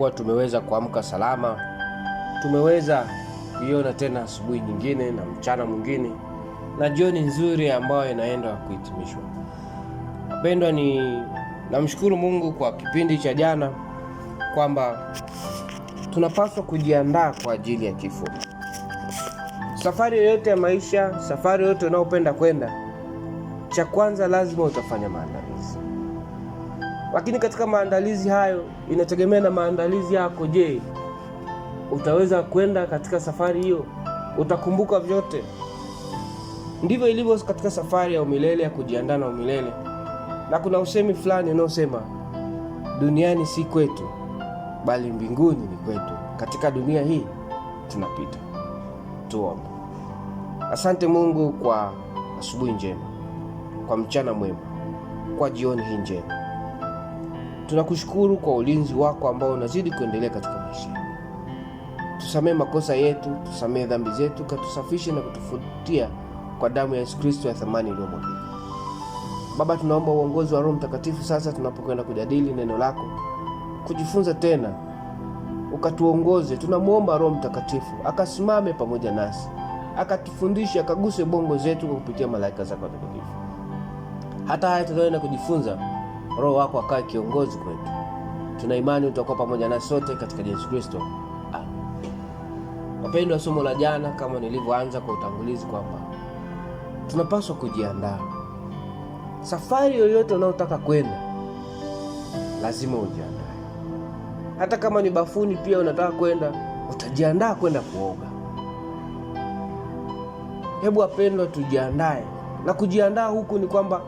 kuwa tumeweza kuamka salama, tumeweza kuiona tena asubuhi nyingine na mchana mwingine na jioni nzuri ambayo inaenda kuhitimishwa. Napendwa, ni namshukuru Mungu kwa kipindi cha jana kwamba tunapaswa kujiandaa kwa ajili ya kifo. Safari yoyote ya maisha, safari yoyote unaopenda kwenda, cha kwanza lazima utafanya maandalizi. Lakini katika maandalizi hayo inategemea na maandalizi yako. Je, utaweza kwenda katika safari hiyo? Utakumbuka vyote? Ndivyo ilivyo katika safari ya umilele ya kujiandaa na umilele. Na kuna usemi fulani unaosema duniani si kwetu, bali mbinguni ni kwetu. Katika dunia hii tunapita. Tuombe. Asante Mungu kwa asubuhi njema, kwa mchana mwema, kwa jioni hii njema Tunakushukuru kwa ulinzi wako ambao unazidi kuendelea katika maisha. Tusamee makosa yetu, tusamee dhambi zetu, katusafishe na kutufutia kwa damu ya Yesu Kristo ya thamani iliyomwagika. Baba, tunaomba uongozi wa Roho Mtakatifu sasa tunapokwenda kujadili neno lako, kujifunza tena, ukatuongoze. Tunamwomba Roho Mtakatifu akasimame pamoja nasi, akatufundishe, akaguse bongo zetu kwa kupitia malaika zako watakatifu. Hata haya tunayoenda kujifunza Roho wako akawe kiongozi kwetu. Tuna imani utakuwa pamoja na sote katika Yesu Kristo. Wapendwa, somo la jana kama nilivyoanza kwa utangulizi kwamba tunapaswa kujiandaa. Safari yoyote unayotaka kwenda lazima ujiandae. Hata kama ni bafuni pia unataka kwenda, utajiandaa kwenda kuoga. Hebu wapendwa, tujiandae, na kujiandaa huku ni kwamba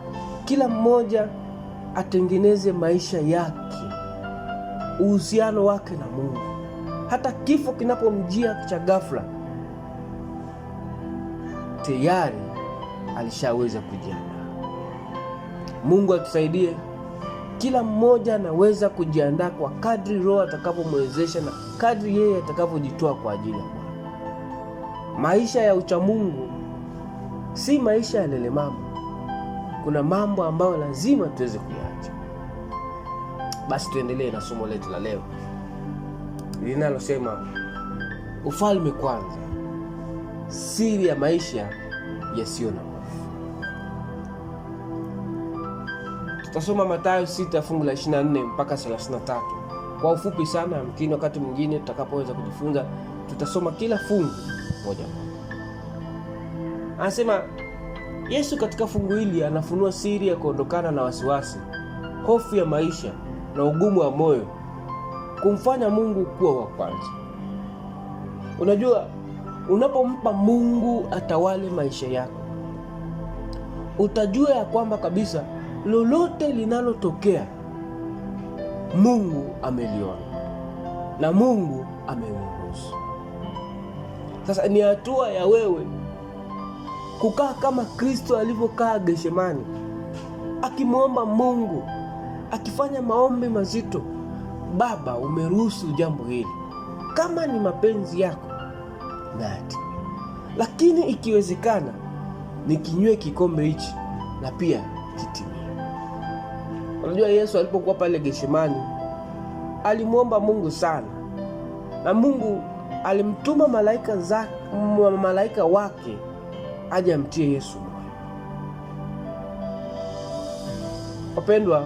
kila mmoja atengeneze maisha yake, uhusiano wake na Mungu. Hata kifo kinapomjia cha ghafla, tayari alishaweza kujiandaa. Mungu atusaidie. Kila mmoja anaweza kujiandaa kwa kadri Roho atakapomwezesha na kadri yeye atakavyojitoa kwa ajili ya Bwana. Maisha ya uchamungu si maisha ya lelemama. Kuna mambo ambayo lazima tuweze kuya basi tuendelee na somo letu la leo linalosema ufalme kwanza, siri ya maisha yasiyo na hofu. Tutasoma Mathayo 6 fungu la 24 mpaka 33 kwa ufupi sana. mkini wakati mwingine tutakapoweza kujifunza tutasoma kila fungu moja moja. Anasema Yesu katika fungu hili anafunua siri ya kuondokana na wasiwasi, hofu ya maisha na ugumu wa moyo kumfanya Mungu kuwa wa kwanza. Unajua, unapompa Mungu atawale maisha yako, utajua ya kwamba kabisa lolote linalotokea Mungu ameliona na Mungu ameuruhusu. Sasa ni hatua ya wewe kukaa kama Kristo alivyokaa Gethsemane akimwomba Mungu akifanya maombi mazito, Baba, umeruhusu jambo hili, kama ni mapenzi yako na lakini ikiwezekana nikinywe kikombe hichi na pia kitimie. Unajua, Yesu alipokuwa pale Geshemani alimwomba Mungu sana, na Mungu alimtuma malaika za, malaika wake aje amtie Yesu moyo. Wapendwa,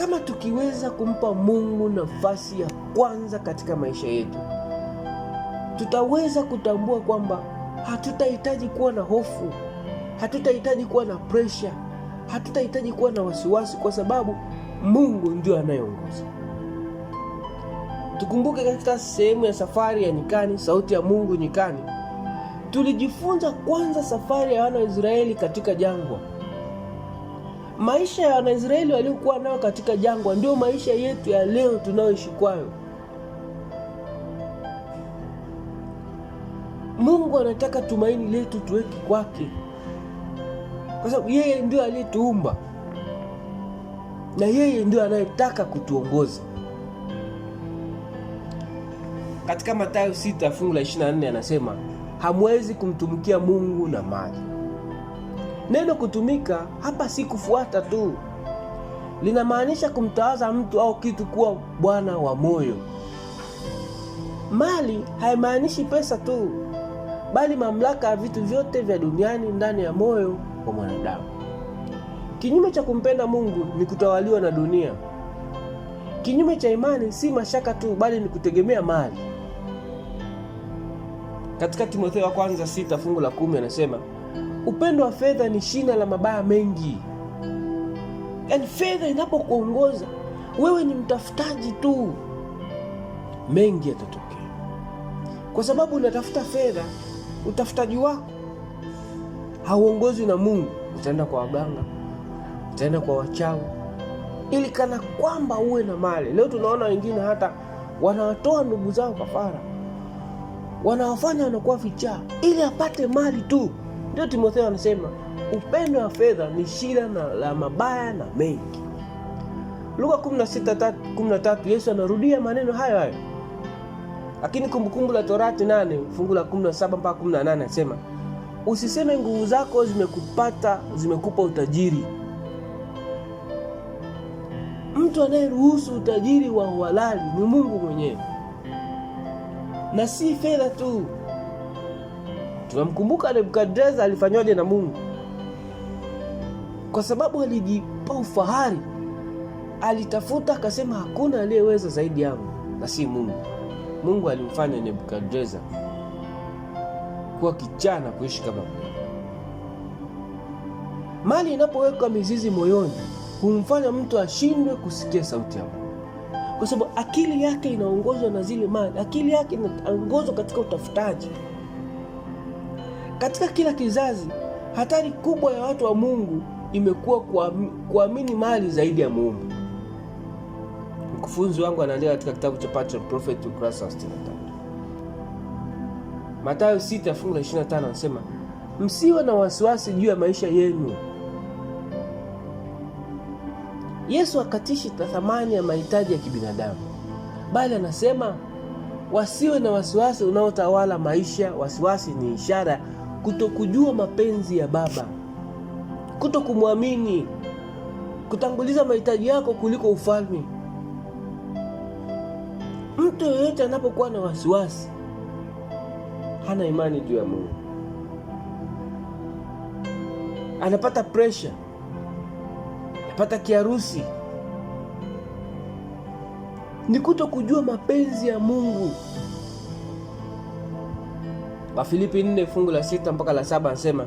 kama tukiweza kumpa Mungu nafasi ya kwanza katika maisha yetu, tutaweza kutambua kwamba hatutahitaji kuwa na hofu, hatutahitaji kuwa na presha, hatutahitaji kuwa na wasiwasi, kwa sababu Mungu ndio anayeongoza. Tukumbuke katika sehemu ya safari ya nyikani, sauti ya Mungu nyikani, tulijifunza kwanza safari ya wana wa Israeli katika jangwa. Maisha ya Wanaisraeli waliokuwa nao katika jangwa ndio maisha yetu ya leo tunayoishi kwayo. Mungu anataka tumaini letu tuweke kwake, kwa sababu yeye ndio aliyetuumba na yeye ndio anayetaka kutuongoza. Katika Mathayo 6 fungu la 24 anasema hamwezi kumtumikia Mungu na mali. Neno kutumika hapa si kufuata tu, linamaanisha kumtawaza mtu au kitu kuwa bwana wa moyo. Mali haimaanishi pesa tu, bali mamlaka ya vitu vyote vya duniani ndani ya moyo wa mwanadamu. Kinyume cha kumpenda Mungu ni kutawaliwa na dunia. Kinyume cha imani si mashaka tu, bali ni kutegemea mali. Katika Timotheo wa kwanza sita fungu la kumi anasema Upendo wa fedha ni shina la mabaya mengi. Yaani fedha inapokuongoza wewe ni mtafutaji tu, mengi yatatokea, kwa sababu unatafuta fedha. Utafutaji wako hauongozwi na Mungu, utaenda kwa waganga, utaenda kwa wachawi, ili kana kwamba uwe na mali. Leo tunaona wengine hata wanawatoa ndugu zao kafara, wanawafanya wanakuwa vichaa, ili apate mali tu. Ndio Timotheo anasema upendo wa fedha ni shida na la mabaya na mengi. Luka 16:13 Yesu anarudia maneno hayo hayo, lakini Kumbukumbu la Torati 8 fungu la 17 mpaka 18 anasema usiseme nguvu zako zimekupata zimekupa utajiri. Mtu anayeruhusu utajiri wa uhalali ni Mungu mwenyewe na si fedha tu. Tunamkumbuka Nebukadreza alifanywaje na Mungu, kwa sababu alijipa ufahari, alitafuta akasema, hakuna aliyeweza zaidi yangu na si Mungu. Mungu alimfanya Nebukadreza kuwa kichaa na kuishi kama Mali inapowekwa mizizi moyoni humfanya mtu ashindwe kusikia sauti ya Mungu, kwa sababu akili yake inaongozwa na zile mali. Akili yake inaongozwa katika utafutaji. Katika kila kizazi, hatari kubwa ya watu wa Mungu imekuwa kuamini mali zaidi ya Muumba. Mkufunzi wangu anaandika katika kitabu cha Patriarch Prophet ukurasa wa 63. Mathayo sita fungu la 25 anasema, msiwe na wasiwasi juu ya maisha yenu. Yesu akatishi thamani ya mahitaji ya kibinadamu, bali anasema wasiwe na wasiwasi unaotawala maisha. Wasiwasi ni ishara kutokujua mapenzi ya Baba, kuto kumwamini, kutanguliza mahitaji yako kuliko ufalme. Mtu yoyote anapokuwa na wasiwasi, hana imani juu ya Mungu, anapata presha, anapata kiharusi. Ni kuto kujua mapenzi ya Mungu. Wafilipi 4 fungu la sita mpaka la saba anasema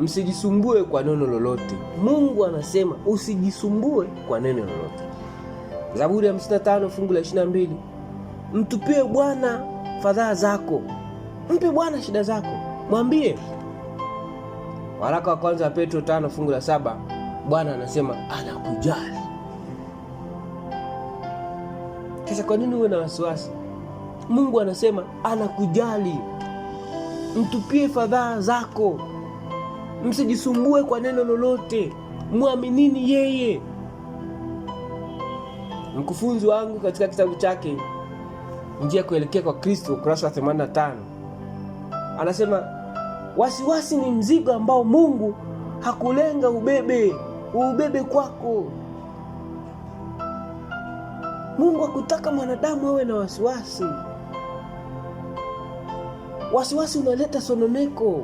msijisumbue kwa neno lolote. Mungu anasema usijisumbue kwa neno lolote. Zaburi ya 55 fungu la 22, mtupie Bwana fadhaa zako, mpe Bwana shida zako, mwambie. Waraka wa kwanza wa Petro t5 fungu la saba Bwana anasema anakujali. Sasa kwa nini uwe na wasiwasi? Mungu anasema anakujali mtupie fadhaa zako, msijisumbue kwa neno lolote, mwaminini yeye. Mkufunzi wangu katika kitabu chake Njia ya Kuelekea kwa Kristo, ukurasa wa 85 anasema wasiwasi ni mzigo ambao Mungu hakulenga ubebe, uubebe kwako. Mungu hakutaka mwanadamu awe na wasiwasi. Wasiwasi unaleta sononeko,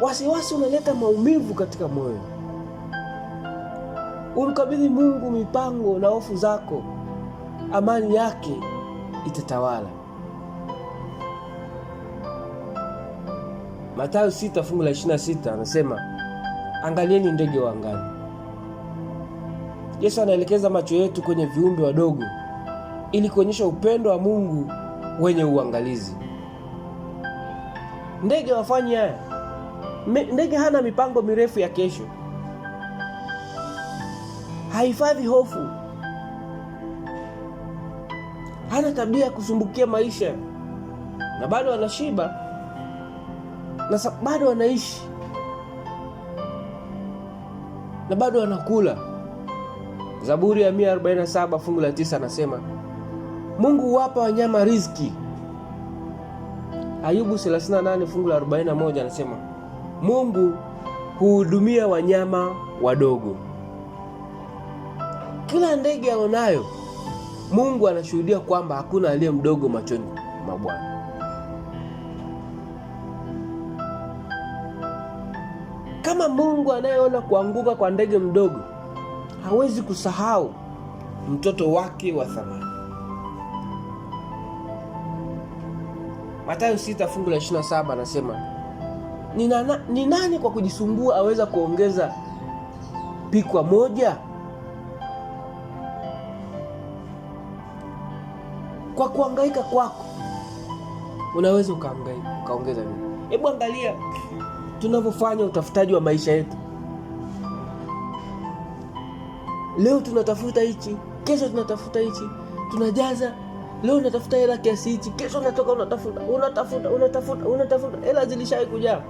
wasiwasi unaleta maumivu katika moyo. Umkabidhi Mungu mipango na hofu zako, amani yake itatawala. Mathayo 6 fungu la 26 anasema angalieni ndege wa angani. Yesu anaelekeza macho yetu kwenye viumbe wadogo ili kuonyesha upendo wa Mungu wenye uangalizi. Ndege wafanye haya. Ndege hana mipango mirefu ya kesho, hahifadhi hofu, hana tabia ya kusumbukia maisha, na bado anashiba na bado anaishi na bado anakula. Zaburi ya 147 fungu la 9 anasema Mungu huwapa wanyama riziki Ayubu 38 fungu la 41 anasema Mungu huhudumia wanyama wadogo. Kila ndege aonayo Mungu anashuhudia kwamba hakuna aliye mdogo machoni mwa Bwana. Kama Mungu anayeona kuanguka kwa ndege mdogo hawezi kusahau mtoto wake wa thamani. Mathayo sita fungu la 27 anasema ni, ni nani kwa kujisumbua aweza kuongeza pikwa moja? Kwa kuangaika kwako unaweza ukaangaika ukaongeza nini? Hebu angalia tunavyofanya utafutaji wa maisha yetu. Leo tunatafuta hichi, kesho tunatafuta hichi, tunajaza Leo unatafuta hela kiasi hichi, kesho unatoka unatafuta unatafuta unatafuta unatafuta, hela zilishai kuja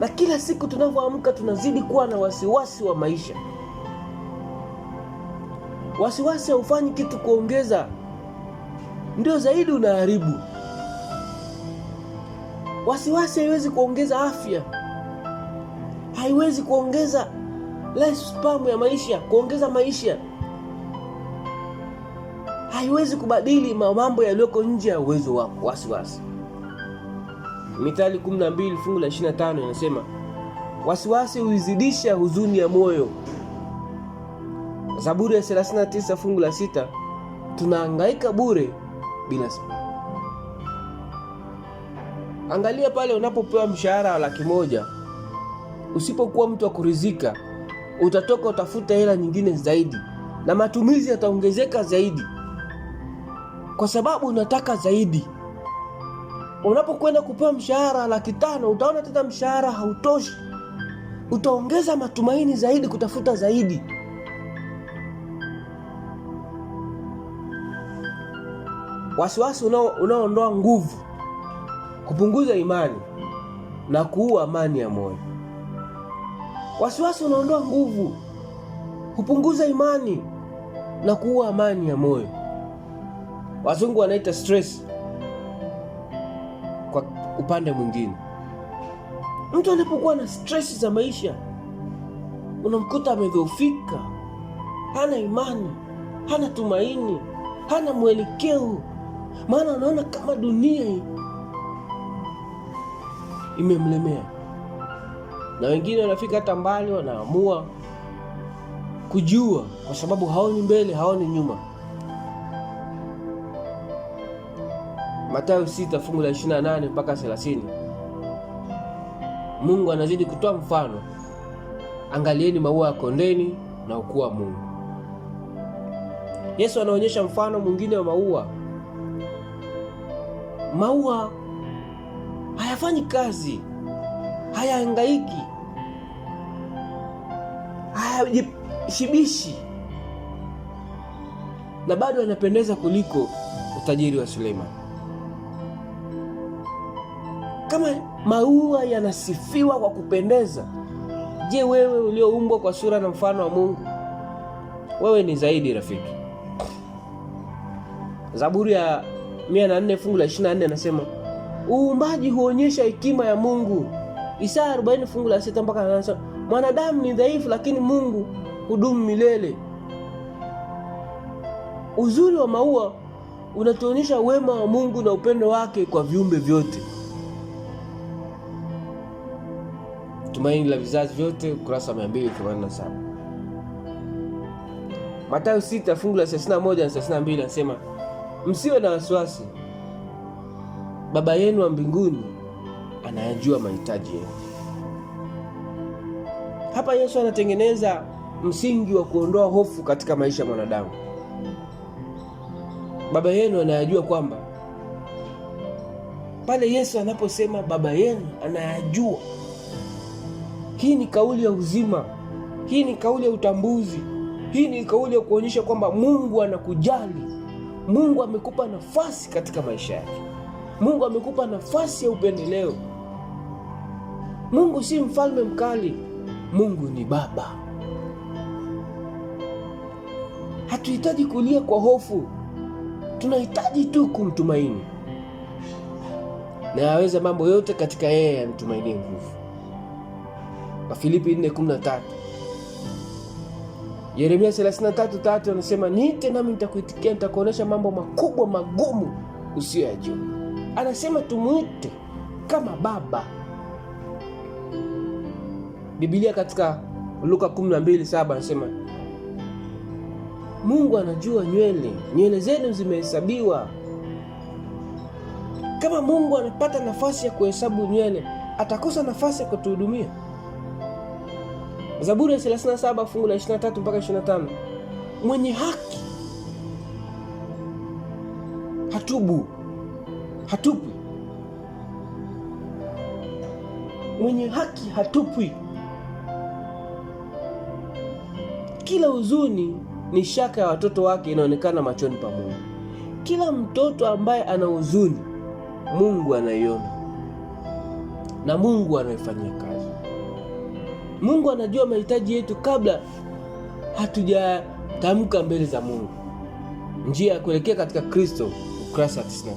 na kila siku tunavyoamka tunazidi kuwa na wasiwasi wa maisha. Wasiwasi haufanyi kitu kuongeza, ndio zaidi unaharibu. Wasiwasi haiwezi kuongeza afya, haiwezi kuongeza lifespan ya maisha, kuongeza maisha haiwezi kubadili mambo yaliyoko nje ya uwezo wako. Wasiwasi, Mithali 12 fungu la 25 inasema wasiwasi huizidisha huzuni ya moyo. Zaburi ya 39 fungu la 6 tunahangaika bure bila sababu. Angalia pale unapopewa mshahara wa laki moja, usipokuwa mtu wa kuridhika, utatoka utafuta hela nyingine zaidi na matumizi yataongezeka zaidi kwa sababu unataka zaidi. Unapokwenda kupewa mshahara laki tano, utaona tena mshahara hautoshi, utaongeza matumaini zaidi kutafuta zaidi. Wasiwasi unaoondoa nguvu, kupunguza imani na kuua amani ya moyo. Wasiwasi unaondoa nguvu, kupunguza imani na kuua amani ya moyo wazungu wanaita stress. Kwa upande mwingine, mtu anapokuwa na stress za maisha, unamkuta amedhoofika, hana imani, hana tumaini, hana mwelekeo, maana anaona kama dunia imemlemea, na wengine wanafika hata mbali, wanaamua kujua, kwa sababu haoni mbele, haoni nyuma. Mathayo 6 fungu la 28 mpaka 30. Mungu anazidi kutoa mfano, angalieni maua ya kondeni na ukuu wa Mungu. Yesu anaonyesha mfano mwingine wa maua. Maua hayafanyi kazi, hayahangaiki, hayajishibishi na bado yanapendeza kuliko utajiri wa Suleimani kama maua yanasifiwa kwa kupendeza, je, wewe ulioumbwa kwa sura na mfano wa Mungu, wewe ni zaidi rafiki. Zaburi ya 104 fungu la 24 anasema uumbaji huonyesha hekima ya Mungu. Isaya 40 fungu la 6 mpaka anasema mwanadamu ni dhaifu, lakini Mungu hudumu milele. Uzuri wa maua unatuonyesha wema wa Mungu na upendo wake kwa viumbe vyote. Tumaini la Vizazi Vyote, ukurasa wa 287. Mathayo 6 fungu la 31 na 32 anasema, msiwe na wasiwasi, Baba yenu wa mbinguni anayajua mahitaji yenu. Hapa Yesu anatengeneza msingi wa kuondoa hofu katika maisha ya mwanadamu. Baba yenu anayajua kwamba pale Yesu anaposema baba yenu anayajua hii ni kauli ya uzima, hii ni kauli ya utambuzi, hii ni kauli ya kuonyesha kwamba Mungu anakujali, Mungu amekupa nafasi katika maisha yake, Mungu amekupa nafasi ya upendeleo. Mungu si mfalme mkali, Mungu ni Baba. Hatuhitaji kulia kwa hofu, tunahitaji tu kumtumaini, na yaweza mambo yote katika yeye anitumaini nguvu Wafilipi 4:13. Yeremia 33:3 anasema niite nami nitakuitikia, nitakuonesha mambo makubwa magumu usiyoyajua. Anasema tumuite kama baba. Biblia katika Luka 12:7 anasema Mungu anajua nywele, nywele zenu zimehesabiwa. Kama Mungu anapata nafasi ya kuhesabu nywele, atakosa nafasi ya kutuhudumia? Zaburi ya 37 fungu la 23 mpaka 25, mwenye haki hatubu hatupwi, mwenye haki hatupwi. Kila huzuni ni shaka ya watoto wake inaonekana machoni pa Mungu. Kila mtoto ambaye ana huzuni Mungu anaiona na Mungu anaifanyia kazi. Mungu anajua mahitaji yetu kabla hatujatamka mbele za Mungu. Njia ya kuelekea katika Kristo, ukurasa 99.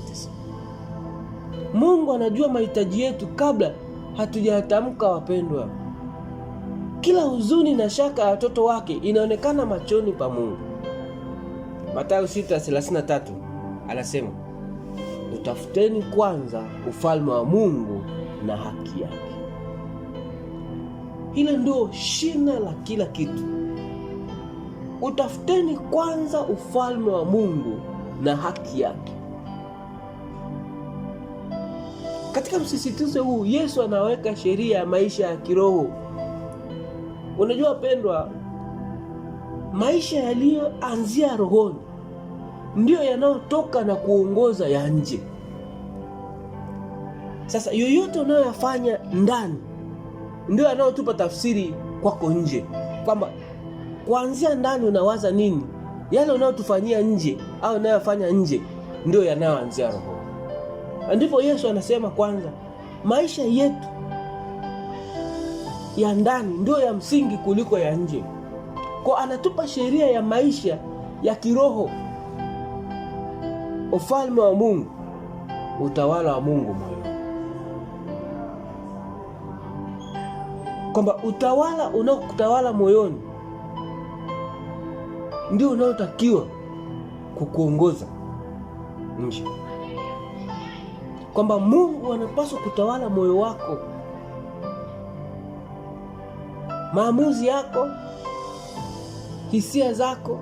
Mungu anajua mahitaji yetu kabla hatujatamka, wapendwa. Kila huzuni na shaka ya watoto wake inaonekana machoni pa Mungu. Mathayo 6:33 anasema, utafuteni kwanza ufalme wa Mungu na haki yake. Hilo ndio shina la kila kitu. Utafuteni kwanza ufalme wa Mungu na haki yake. Katika msisitizo huu, Yesu anaweka sheria ya maisha ya kiroho. Unajua pendwa, maisha yaliyoanzia rohoni ndiyo yanayotoka na kuongoza ya nje. Sasa yoyote unayoyafanya ndani ndio anaotupa tafsiri kwako nje, kwamba kuanzia ndani unawaza nini, yale unayotufanyia nje au unayofanya nje ndio yanayoanzia roho. Ndipo Yesu anasema kwanza, maisha yetu ya ndani ndio ya msingi kuliko ya nje. Kwa anatupa sheria ya maisha ya kiroho, ufalme wa Mungu, utawala wa Mungu moyoni. kwamba utawala unaokutawala moyoni ndio unaotakiwa kukuongoza nje, kwamba Mungu anapaswa kutawala moyo wako, maamuzi yako, hisia zako,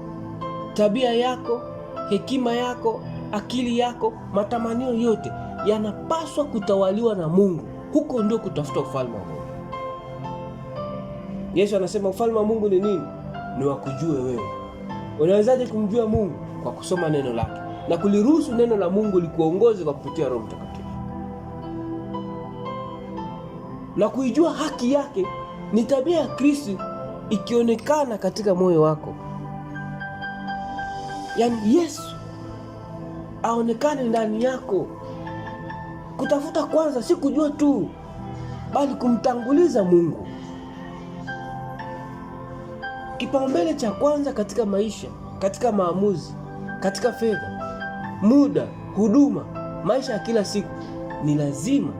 tabia yako, hekima yako, akili yako, matamanio yote yanapaswa kutawaliwa na Mungu. Huko ndio kutafuta ufalme wa Mungu. Yesu anasema ufalme wa Mungu ni nini? Ni wakujue wewe. Unawezaje kumjua Mungu? Kwa kusoma neno lake na kuliruhusu neno la Mungu likuongoze kwa kupitia Roho Mtakatifu na kuijua haki yake. Ni tabia ya Kristo ikionekana katika moyo wako, yaani Yesu aonekane ndani yako. Kutafuta kwanza si kujua tu, bali kumtanguliza Mungu. Kipaumbele cha kwanza katika maisha, katika maamuzi, katika fedha, muda, huduma, maisha ya kila siku, ni lazima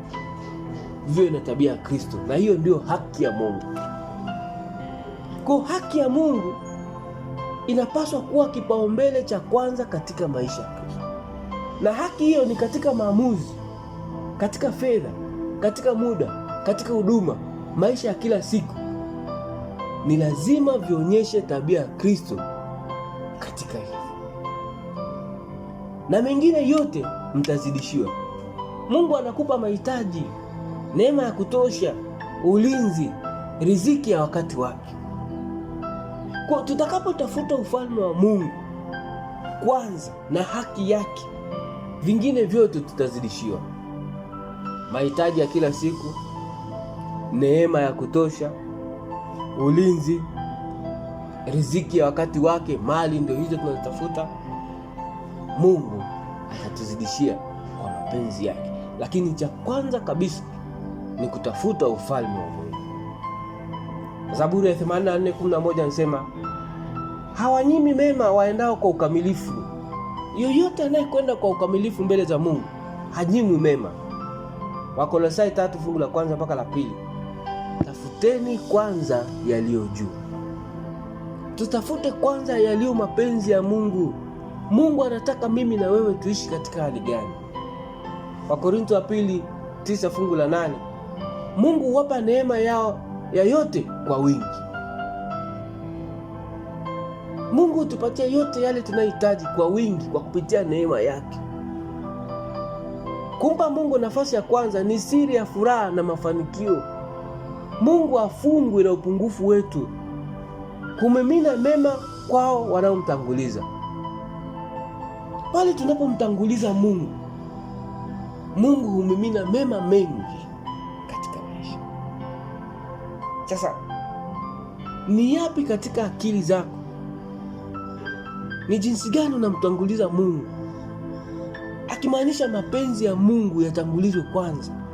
viwe na tabia ya Kristo, na hiyo ndiyo haki ya Mungu. Kwa haki ya Mungu inapaswa kuwa kipaumbele cha kwanza katika maisha, na haki hiyo ni katika maamuzi, katika fedha, katika muda, katika huduma, maisha ya kila siku ni lazima vionyeshe tabia ya Kristo katika hivyo, na mengine yote mtazidishiwa. Mungu anakupa mahitaji, neema ya kutosha, ulinzi, riziki ya wakati wake. Kwa tutakapotafuta ufalme wa Mungu kwanza na haki yake, vingine vyote tutazidishiwa: mahitaji ya kila siku, neema ya kutosha ulinzi, riziki ya wakati wake, mali ndio hizo tunazitafuta. Mungu atatuzidishia kwa mapenzi yake, lakini cha kwanza kabisa ni kutafuta ufalme wa Mungu. Zaburi ya 84:11 anasema hawanyimi mema waendao kwa ukamilifu. Yoyote anayekwenda kwa ukamilifu mbele za Mungu hanyimwi mema. Wakolosai tatu fungu la kwanza mpaka la pili tafuteni kwanza yaliyo juu. Tutafute kwanza yaliyo mapenzi ya Mungu. Mungu anataka mimi na wewe tuishi katika hali gani? Wakorintho wa pili tisa fungu la nane. Mungu huwapa neema yao ya yote kwa wingi. Mungu hutupatia yote yale tunayohitaji kwa wingi kwa kupitia neema yake. Kumpa Mungu nafasi ya kwanza ni siri ya furaha na mafanikio. Mungu afungwi na upungufu wetu, kumimina mema kwao wanaomtanguliza. Pale tunapomtanguliza Mungu, Mungu humimina mema mengi katika maisha. Sasa ni yapi katika akili zako? Ni jinsi gani unamtanguliza Mungu? Akimaanisha mapenzi ya Mungu yatangulizwe kwanza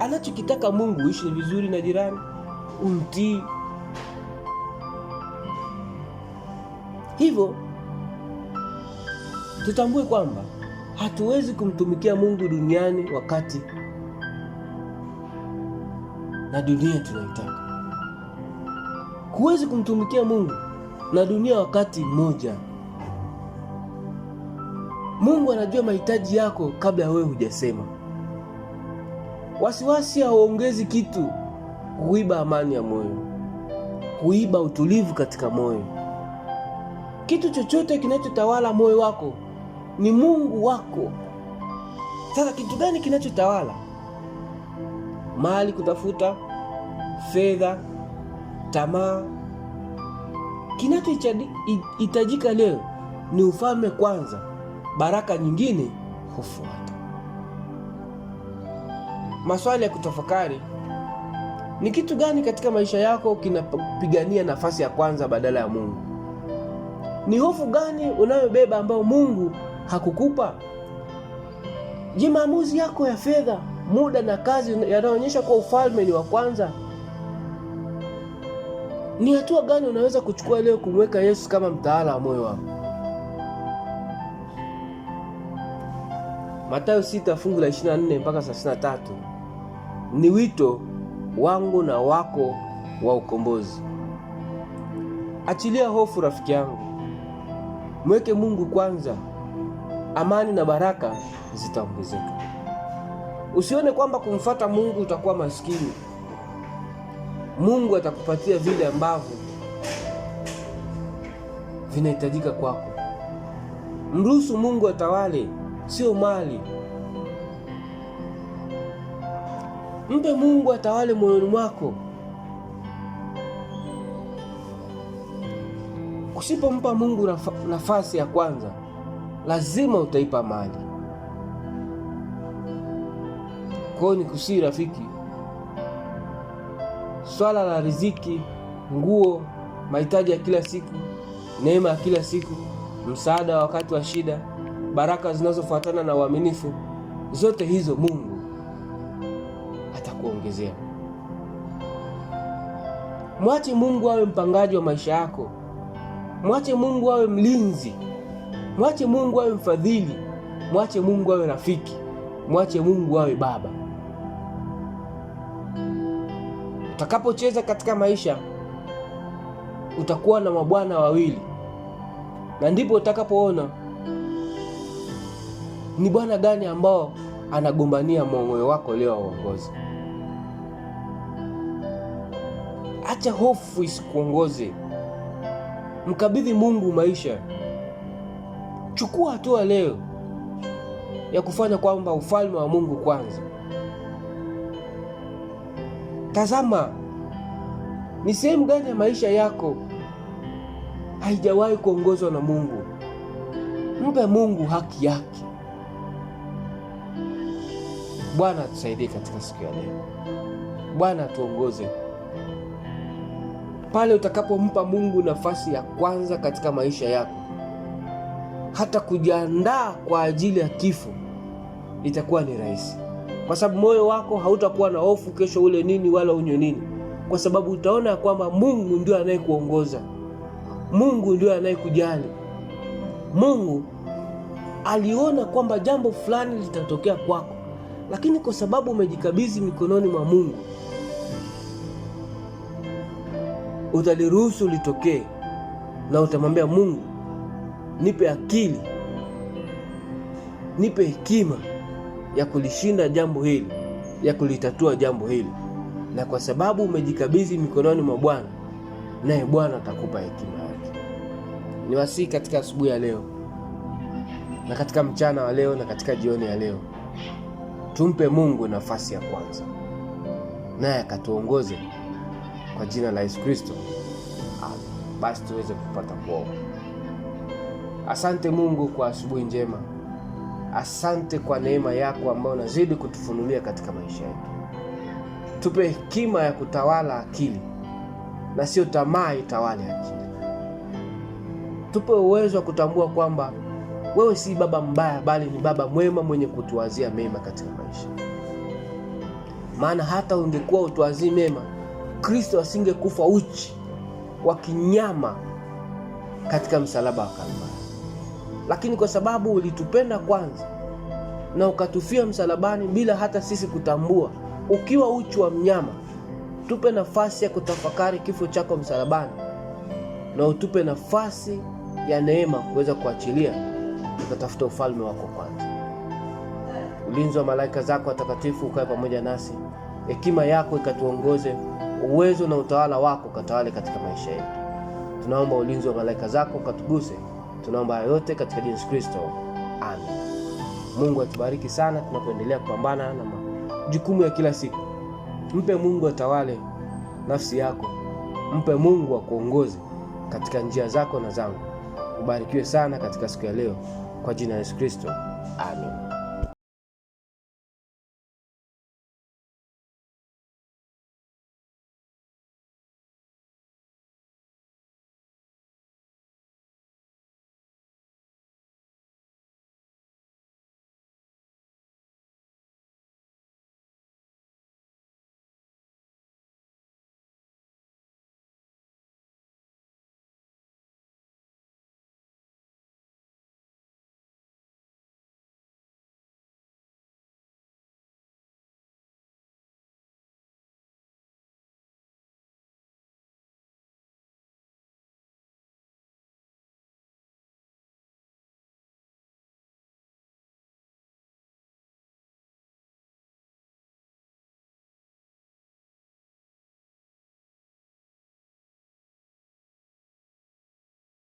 anachokitaka Mungu uishi vizuri na jirani, umtii. Hivyo tutambue kwamba hatuwezi kumtumikia Mungu duniani wakati na dunia tunaitaka. Huwezi kumtumikia Mungu na dunia wakati mmoja. Mungu anajua mahitaji yako kabla ya wewe hujasema. Wasiwasi hauongezi kitu, huiba amani ya moyo, huiba utulivu katika moyo. Kitu chochote kinachotawala moyo wako ni Mungu wako. Sasa kitu gani kinachotawala? Mali, kutafuta fedha, tamaa. Kinachohitajika leo ni ufalme kwanza, baraka nyingine hufuata. Maswali ya kutafakari: ni kitu gani katika maisha yako kinapigania nafasi ya kwanza badala ya Mungu? Ni hofu gani unayobeba ambayo Mungu hakukupa? Je, maamuzi yako ya fedha, muda na kazi yanaonyesha kuwa ufalme ni wa kwanza? Ni hatua gani unaweza kuchukua leo kumweka Yesu kama mtaala wa moyo wako? Mathayo 6 fungu la 24 mpaka 33 ni wito wangu na wako wa ukombozi. Achilia hofu rafiki yangu, mweke Mungu kwanza, amani na baraka zitaongezeka. Usione kwamba kumfata Mungu utakuwa maskini. Mungu atakupatia vile ambavyo vinahitajika kwako. Mruhusu Mungu atawale, sio mali. Mpe Mungu atawale moyoni mwako. Usipompa Mungu nafasi ya kwanza, lazima utaipa mali. Kwayo ni kusii, rafiki, swala la riziki, nguo, mahitaji ya kila siku, neema ya kila siku, msaada wa wakati wa shida, baraka zinazofuatana na uaminifu, zote hizo Mungu atakuongezea. Mwache Mungu awe mpangaji wa maisha yako. Mwache Mungu awe mlinzi. Mwache Mungu awe mfadhili. Mwache Mungu awe rafiki. Mwache Mungu awe baba. Utakapocheza katika maisha utakuwa na mabwana wawili, na ndipo utakapoona ni bwana gani ambao anagombania moyo wako leo auongozi. acha hofu isikuongoze, mkabidhi Mungu maisha. Chukua hatua leo ya kufanya kwamba ufalme wa Mungu kwanza. Tazama ni sehemu gani ya maisha yako haijawahi kuongozwa na Mungu. Mpe Mungu haki yake. Bwana atusaidie katika siku ya leo. Bwana atuongoze pale utakapompa Mungu nafasi ya kwanza katika maisha yako. Hata kujiandaa kwa ajili ya kifo itakuwa ni rahisi, kwa sababu moyo wako hautakuwa na hofu kesho ule nini wala unywe nini, kwa sababu utaona ya kwamba Mungu ndio anayekuongoza, Mungu ndio anayekujali. Mungu aliona kwamba jambo fulani litatokea kwako, lakini kwa sababu umejikabidhi mikononi mwa Mungu utaliruhusu litokee, na utamwambia Mungu, nipe akili, nipe hekima ya kulishinda jambo hili, ya kulitatua jambo hili. Na kwa sababu umejikabidhi mikononi mwa Bwana, naye Bwana atakupa hekima yake. Niwasihi katika asubuhi ya leo na katika mchana wa leo na katika jioni ya leo, tumpe Mungu nafasi ya kwanza, naye akatuongoze kwa jina la Yesu Kristo, basi tuweze kupata kuoa Asante Mungu kwa asubuhi njema, asante kwa neema yako ambayo unazidi kutufunulia katika maisha yetu. Tupe hekima ya kutawala akili na sio tamaa itawale akili. Tupe uwezo wa kutambua kwamba wewe si baba mbaya, bali ni baba mwema mwenye kutuwazia mema katika maisha, maana hata ungekuwa utuwazii mema Kristo asingekufa uchi wa kinyama katika msalaba wa Kalvari, lakini kwa sababu ulitupenda kwanza na ukatufia msalabani bila hata sisi kutambua, ukiwa uchi wa mnyama, tupe nafasi ya kutafakari kifo chako msalabani, na utupe nafasi ya neema kuweza kuachilia tukatafuta ufalme wako kwanza. Ulinzi wa malaika zako watakatifu ukae pamoja nasi, hekima yako ikatuongoze uwezo na utawala wako katawale katika maisha yetu. Tunaomba ulinzi wa malaika zako katuguse. Tunaomba hayo yote katika Yesu Kristo, amen. Mungu atubariki sana tunapoendelea kupambana na majukumu ya kila siku. Mpe Mungu atawale nafsi yako, mpe Mungu akuongoze katika njia zako na zangu. Ubarikiwe sana katika siku ya leo, kwa jina la Yesu Kristo, amen.